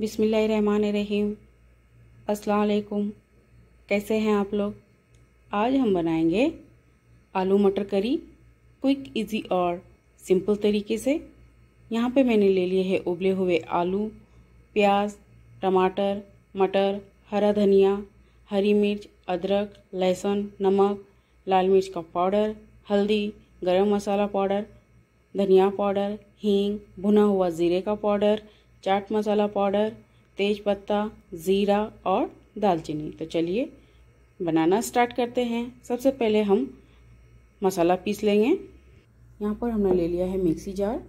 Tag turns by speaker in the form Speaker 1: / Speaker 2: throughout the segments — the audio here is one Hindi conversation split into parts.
Speaker 1: बिसमीम असलकुम कैसे हैं आप लोग आज हम बनाएंगे आलू मटर करी क्विक इजी और सिंपल तरीके से यहाँ पे मैंने ले लिए है उबले हुए आलू प्याज टमाटर मटर हरा धनिया हरी मिर्च अदरक लहसुन नमक लाल मिर्च का पाउडर हल्दी गरम मसाला पाउडर धनिया पाउडर हींग भुना हुआ ज़ीरे का पाउडर चाट मसाला पाउडर तेज पत्ता ज़ीरा और दालचीनी तो चलिए बनाना स्टार्ट करते हैं सबसे पहले हम मसाला पीस लेंगे यहाँ पर हमने ले लिया है मिक्सी जार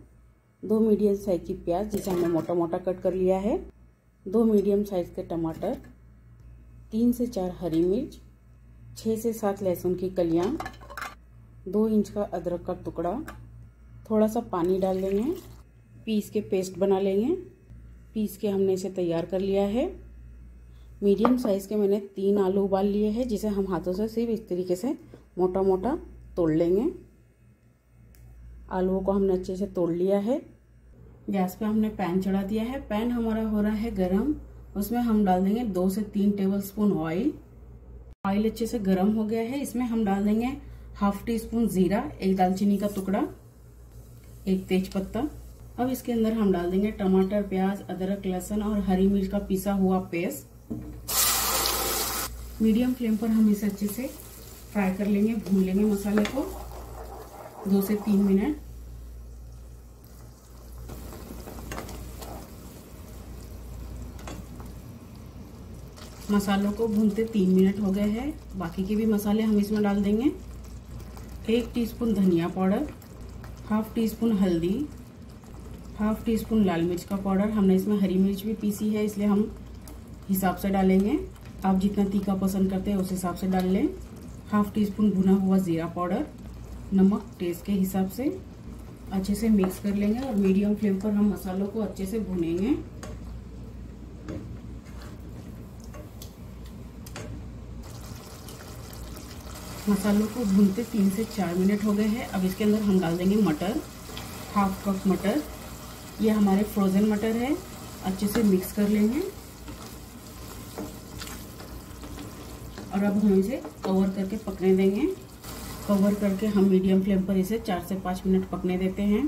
Speaker 1: दो मीडियम साइज़ की प्याज जिसे हमने मोटा मोटा कट कर लिया है दो मीडियम साइज़ के टमाटर तीन से चार हरी मिर्च छः से सात लहसुन की कलियाँ दो इंच का अदरक का टुकड़ा थोड़ा सा पानी डाल देंगे पीस के पेस्ट बना लेंगे पीस के हमने इसे तैयार कर लिया है मीडियम साइज़ के मैंने तीन आलू उबाल लिए हैं जिसे हम हाथों से सिर्फ इस तरीके से मोटा मोटा तोड़ लेंगे आलूओं को हमने अच्छे से तोड़ लिया है गैस पे हमने पैन चढ़ा दिया है पैन हमारा हो रहा है गरम उसमें हम डाल देंगे दो से तीन टेबल स्पून ऑयल ऑयल अच्छे से गर्म हो गया है इसमें हम डाल देंगे हाफ टी स्पून ज़ीरा एक दालचीनी का टुकड़ा एक तेज पत्ता अब इसके अंदर हम डाल देंगे टमाटर प्याज अदरक लहसुन और हरी मिर्च का पिसा हुआ पेस्ट मीडियम फ्लेम पर हम इसे अच्छे से फ्राई कर लेंगे भून लेंगे मसाले को दो से तीन मिनट मसालों को भूनते तीन मिनट हो गए हैं बाकी के भी मसाले हम इसमें डाल देंगे एक टीस्पून धनिया पाउडर हाफ टी स्पून हल्दी हाफ टी स्पून लाल मिर्च का पाउडर हमने इसमें हरी मिर्च भी पीसी है इसलिए हम हिसाब से डालेंगे आप जितना तीखा पसंद करते हैं उस हिसाब से डाल लें हाफ टी स्पून भुना हुआ ज़ीरा पाउडर नमक टेस्ट के हिसाब से अच्छे से मिक्स कर लेंगे और मीडियम फ्लेम पर हम मसालों को अच्छे से भुनेंगे मसालों को भूनते तीन से चार मिनट हो गए हैं अब इसके अंदर हम डाल देंगे मटर हाफ कप मटर ये हमारे फ्रोज़न मटर है अच्छे से मिक्स कर लेंगे और अब हम इसे कवर करके पकने देंगे कवर करके हम मीडियम फ्लेम पर इसे चार से पाँच मिनट पकने देते हैं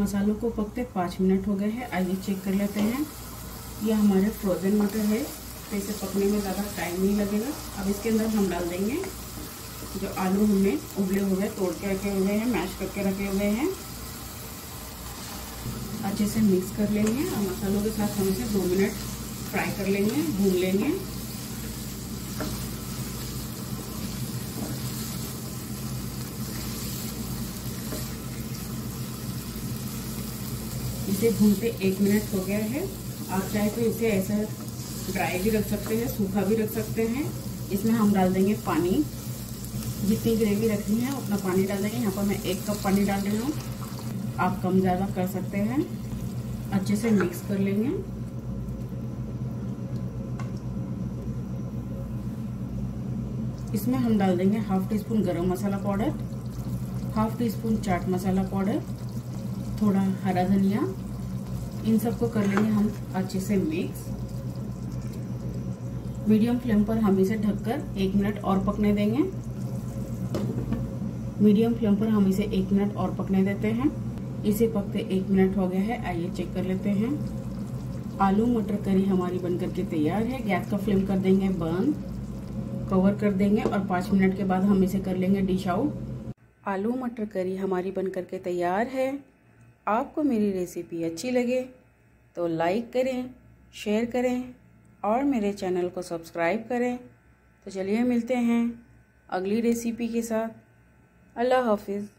Speaker 1: मसालों को पकते पाँच मिनट हो गए हैं आइए चेक कर लेते हैं यह हमारे फ्रोज़न मटर है तो इसे पकने में ज़्यादा टाइम नहीं लगेगा अब इसके अंदर हम डाल देंगे जो आलू हमने उबले हुए तोड़ के रखे हुए हैं मैश करके रखे हुए हैं अच्छे से मिक्स कर लेंगे और मसालों के साथ हम इसे दो मिनट फ्राई कर लेंगे भून लेंगे इसे भूनते एक मिनट हो गया है आप चाहे तो इसे ऐसा ड्राई भी रख सकते हैं सूखा भी रख सकते हैं इसमें हम डाल देंगे पानी जितनी ग्रेवी रखनी है उतना पानी डाल देंगे यहाँ पर मैं एक कप पानी डाल रही हूँ आप कम ज़्यादा कर सकते हैं अच्छे से मिक्स कर लेंगे इसमें हम डाल देंगे हाफ टी स्पून गर्म मसाला पाउडर हाफ टी स्पून चाट मसाला पाउडर थोड़ा हरा धनिया इन सबको कर लेंगे हम अच्छे से मिक्स मीडियम फ्लेम पर हम इसे ढककर एक मिनट और पकने देंगे मीडियम फ्लेम पर हम इसे एक मिनट और पकने देते हैं इसे पकते एक मिनट हो गया है आइए चेक कर लेते हैं आलू मटर करी हमारी बनकर के तैयार है गैस का फ्लेम कर देंगे बंद कवर कर देंगे और पाँच मिनट के बाद हम इसे कर लेंगे डिश आउट आलू मटर करी हमारी बन करके तैयार है आपको मेरी रेसिपी अच्छी लगे तो लाइक करें शेयर करें और मेरे चैनल को सब्सक्राइब करें तो चलिए मिलते हैं अगली रेसिपी के साथ अल्लाह हाफिज़